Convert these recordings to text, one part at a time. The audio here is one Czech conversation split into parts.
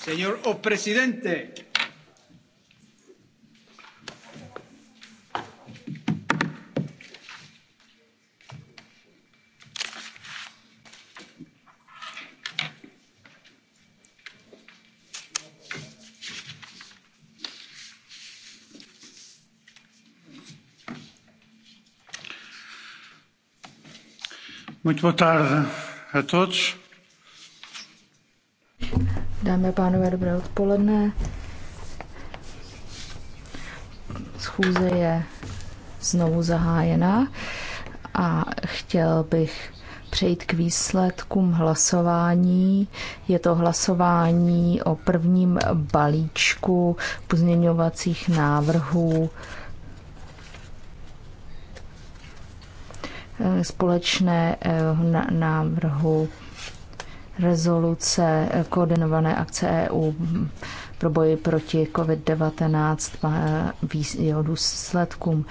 Señor o presidente. Muito boa tarde a todos. Dámy a pánové, dobré odpoledne. Schůze je znovu zahájena a chtěl bych přejít k výsledkům hlasování. Je to hlasování o prvním balíčku pozměňovacích návrhů společné eh, návrhu rezoluce eh, koordinované akce EU pro boji proti COVID-19 eh, jeho důsledkům.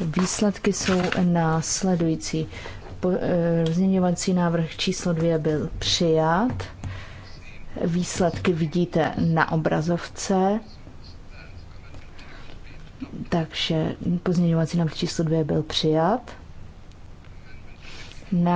Výsledky jsou následující. Rozměňovací návrh číslo dvě byl přijat. Výsledky vidíte na obrazovce. Takže pozměňovací návrh číslo dvě byl přijat na